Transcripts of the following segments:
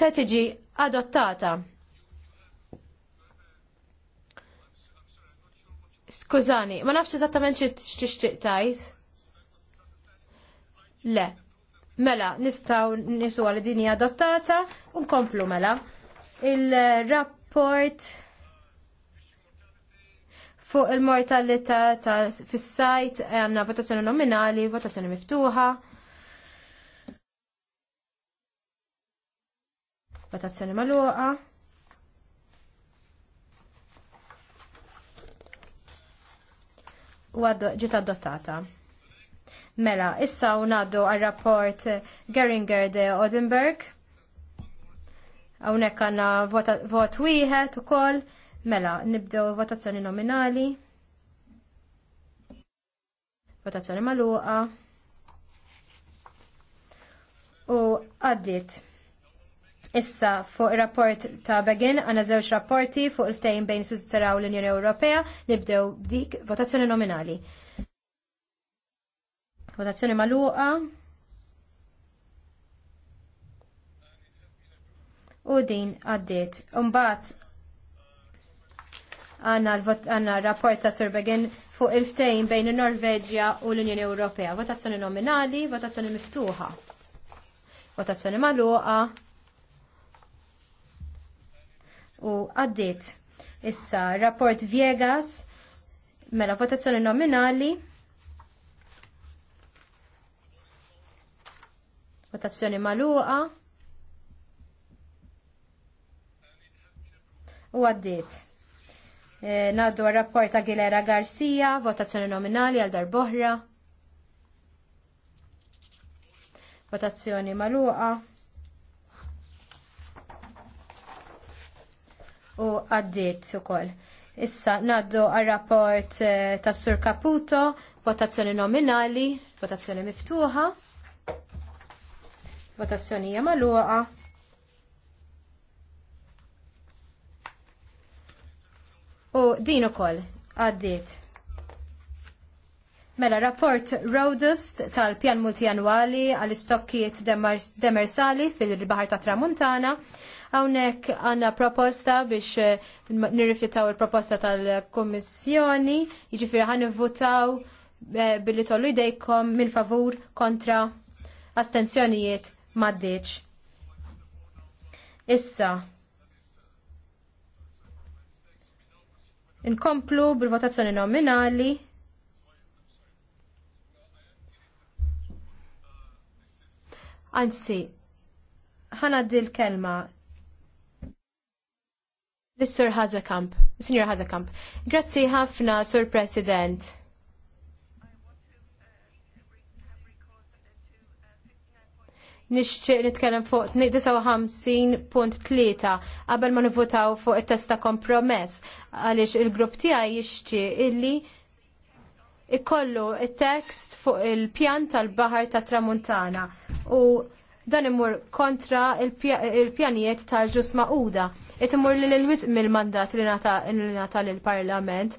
se tiġi adottata. Skużani, ma nafx eżattament xi tixtieq tajt. Le. Mela, nistgħu nisu għal din hija adottata u nkomplu mela. Il-rapport fuq il-mortalità fis-sajt għandna votazzjoni nominali, votazzjoni miftuħa. Votazzjoni maluqa. U ġiet adottata. Mela, issa unaddu għal-rapport Geringer de Odenberg. Hawnhekk għandna vot wieħed ukoll. Mela, nibdew votazzjoni nominali. Votazzjoni magħluqa. U għaddiet. Issa fuq ir-rapport ta' Begin għandna żewġ rapporti fuq il-ftehim bejn Svizzera u l-Unjoni Ewropea nibdew dik votazzjoni nominali. Votazzjoni magħluqa. U din għaddiet. Umbat għanna rapport ta' Sir Begin fuq il-ftejn bejn il-Norveġja u l-Unjoni Ewropea. Votazzjoni nominali, votazzjoni miftuħa. Votazzjoni maluqa u għaddiet. Issa, rapport Viegas, mela votazzjoni nominali, votazzjoni maluqa, u għaddiet. E, eh, Naddu rapport Aguilera Garcia, votazzjoni nominali għal darboħra. Votazzjoni maluqa. u għaddiet ukoll. Issa naddu għal-rapport eh, tas Sur Caputo, votazzjoni nominali, votazzjoni miftuħa, votazzjoni jamaluqa. U din ukoll għaddiet. Mela rapport Rodust tal-pjan multijanwali għal istokkiet demersali fil-Bahar ta' Tramuntana. Hawnhekk għandna proposta biex eh, nirrifjutaw il-proposta tal komissjoni jiġifieri għan votaw eh, billi tollu jdejkom minn favur kontra astenzjonijiet maddiċ. Issa, Inkomplu bil-votazzjoni nominali Anzi, ħana l-kelma Mr. Hazakamp, Hazekamp, Senior Hazekamp. Grazzi ħafna, Sur President. nixtieq nitkellem fuq 59.3 qabel ma nivotaw fuq it-testa kompromess għaliex il-grupp tiegħi jixtieq illi ikollu il-tekst fuq il-pjan tal-Bahar ta' Tramuntana u dan imur kontra il-pjanijiet tal-ġus ma'uda. It imur li l mill-mandat li nata l-Parlament.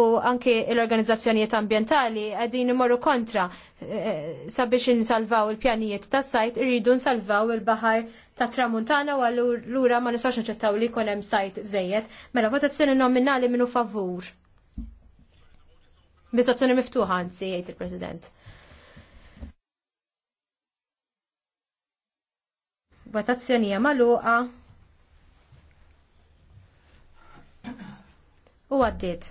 U anki l-organizzazzjonijiet ambientali għedin imorru kontra eh, sabiex nsalvaw il-pjanijiet tas sajt irridu nsalvaw il-bahar ta' tramuntana u għallura ma nistax nċettaw li kunem sajt zejet. Mela votazzjoni nominali minnu favur. Bizzazzjoni miftuħa anzi, jgħid il-President. Votazzjoni hija magħluqa. U għaddiet.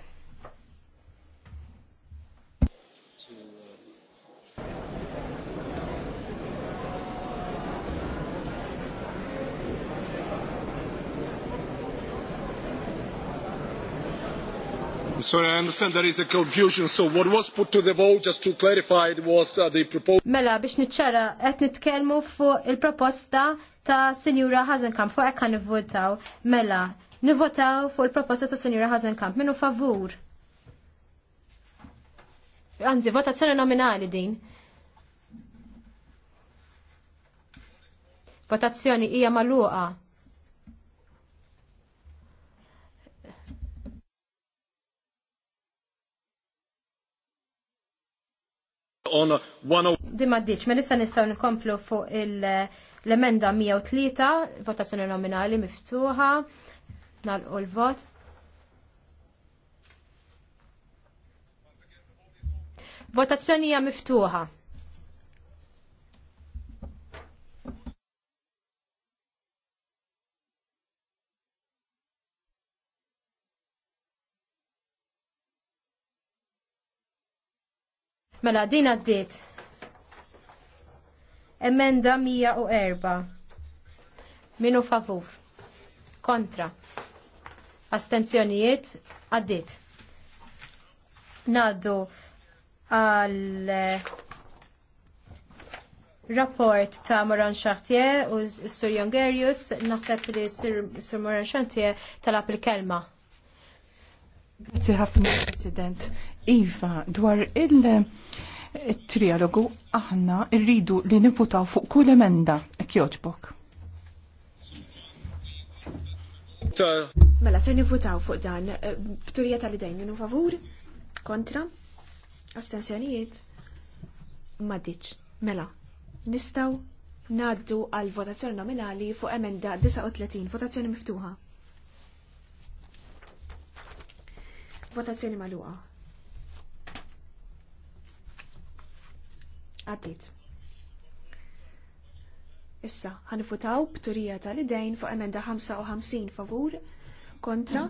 sorry, I understand there is a confusion. So what was put to the vote, just to clarify, it was uh, the proposal. Mela, biex nitċara, qed nitkellmu fuq il-proposta ta' Sinjura Hazenkamp, fuq hekk nivvotaw. Mela, nivvotaw fuq il-proposta ta' Sinjura Hazenkamp. Minu favur? Anzi, votazzjoni nominali din. Votazzjoni hija magħluqa. on 101. Di maddiċ, me nista nistaw nkomplu fuq l-emenda 103, votazzjoni nominali miftuħa, nalqu l-vot. Votazzjoni hija miftuħa. Mela din għaddiet. Emenda 104. Minu favur. Kontra. Astenzjonijiet għaddit. Naddu għal eh, rapport ta' Moran Chartier u Sur Jongerius naħseb li Sur Moran Chartier tal-app il-kelma. Grazie ħafna, President. Iva, dwar il-trialogu aħna rridu li nifutaw fuq kull emenda kjoġbok. Mela, se nifutaw fuq dan, eh, b'turija tal-idejn minu favur, kontra, astensjonijiet, maddiċ. Mela, nistaw naddu għal votazzjoni nominali fuq emenda 39, votazzjoni miftuħa. Votazzjoni maluqa. Għaddit. Issa, għanifutaw b'turija tal-idejn fuq emenda 55 favur kontra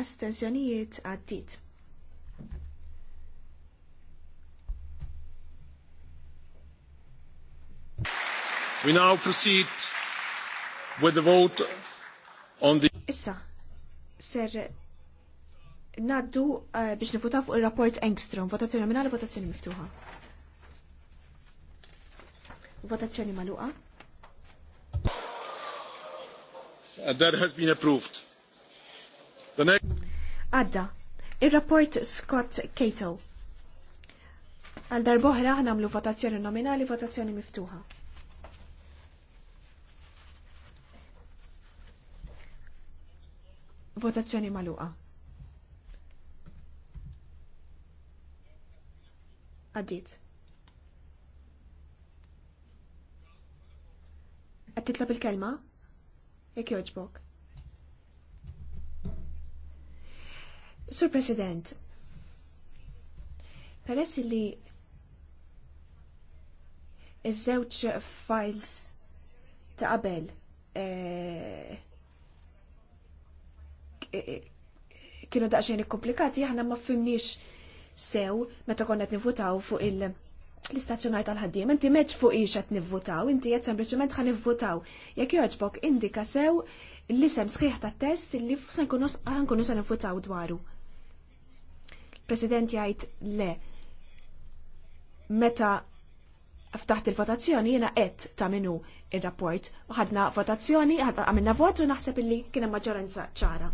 astenzjonijiet għaddit. We now proceed with the vote on the... Issa, ser naddu uh, biex nifutaw fuq il-rapport Engstrom, votazzjoni nominali, votazzjoni miftuħa. Votazzjoni maluqa. Uh, that has been approved. The next... Adda, il-rapport Scott Cato. Għal darboħra għamlu votazzjoni nominali, votazzjoni miftuħa. Votazzjoni maluqa. Għaddit. Titlab il-kelma? Jekk jogħġbok. Sur President, peress li iż-żewġ files ta' qabel eh, eh, kienu daqsxejn ikkomplikati aħna ma fimniex sew meta konna qed nivutaw fuq il- l-istazzjonar tal-ħaddim, inti meċ fuq ixet nivvutaw, inti jett sempliciment ħan nivvutaw. Jek joġbok indika sew l-isem sħiħ ta' test li kunu sa' nivvutaw dwaru. President jgħid le, meta ftaħt il-votazzjoni jena għet ta' minu il-rapport. Ħadna votazzjoni, għamilna vot u naħseb illi kien maġġoranza ċara.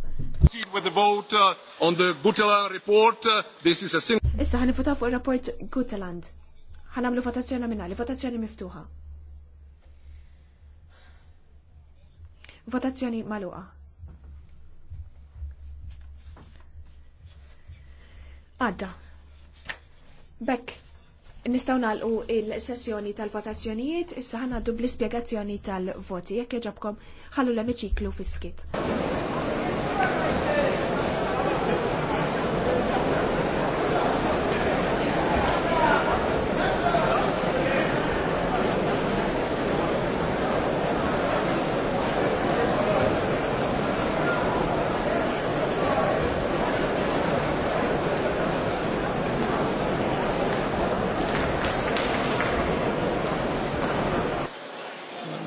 Issa ħanifutaw fuq il-rapport Guteland ħanamlu votazzjoni nominali, votazzjoni miftuħa. Votazzjoni maluqa. Għadda. Bekk, nistaw nalqu il-sessjoni tal-votazzjonijiet, issa ħana dubli spiegazzjoni tal-voti, jekk jaġabkom ħallu l-emiċiklu fiskit.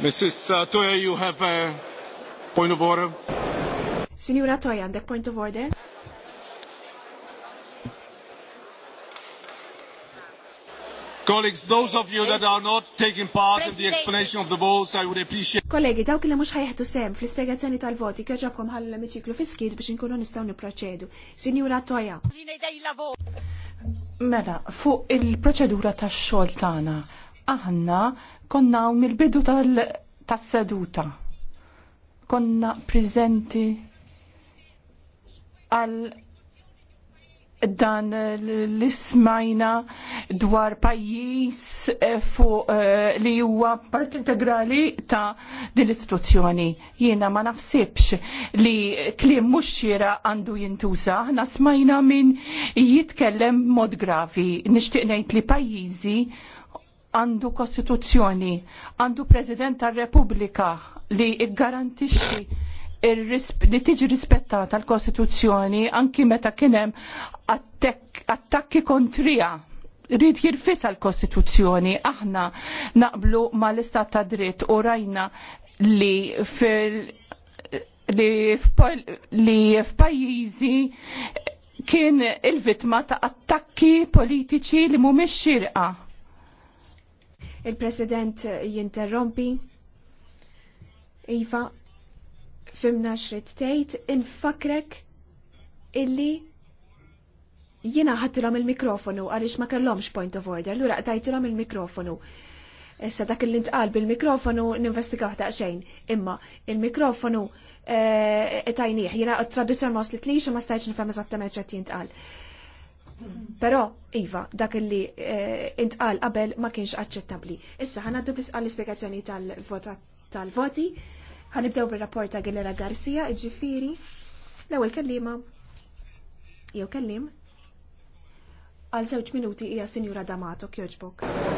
Mrs. Uh, Toya, you have a point of order? Signora Toya, the point of order? Colleagues, those of you that are not taking part in the explanation of the votes, I would appreciate. Kollegi, dawk li mux ħajħtu sem fl spiegazzjoni tal-voti kieġabkom ħallu l-emiċiklu fiskid biex inkunu nistgħu nipproċedu. Signora Toja. Mela, fuq il-proċedura ta' xogħol tagħna aħna konna mill-bidu tal-seduta. Konna prezenti għal dan l-ismajna dwar pajis eh, fuq eh, li huwa part integrali ta' din l-istituzzjoni. Jiena ma nafsibx li kliem mhux xira għandu jintuża, aħna smajna minn jitkellem mod gravi. Nixtieq ngħid li pajjiżi għandu kostituzzjoni, għandu President tal-Repubblika li garantixxi li tiġi rispettata l-Kostituzzjoni anki meta kienem attakki kontrija rrid jirfisa l-Kostituzzjoni. Aħna naqblu mal-Istat ta' dritt u rajna li fil li f'pajjiżi kien il-vitma ta' attakki politiċi li mhumiex xirqa Il-President jinterrompi. Iva, fimna xrit tejt, infakrek illi jina ħattilom il-mikrofonu għalix ma kellomx point of order, l-ura tajtilom il-mikrofonu. Issa dak li ntqal bil-mikrofonu ninvestigaw xejn. Imma il-mikrofonu eh, tajnieh, jina traduzzjon ma waslitli ma stajċ nifhem eżattament ċet jintqal. Però, Iva, dak li eh, intqal qabel ma kienx aċċettabli. Issa ħana bis għall-ispjegazzjoni tal-voti. Ħanibdew bil rapport ta' Gilera Garcia, ġifiri, l-ewwel kellima jew kellim għal żewġ minuti hija Sinjura Damato kjoġbok.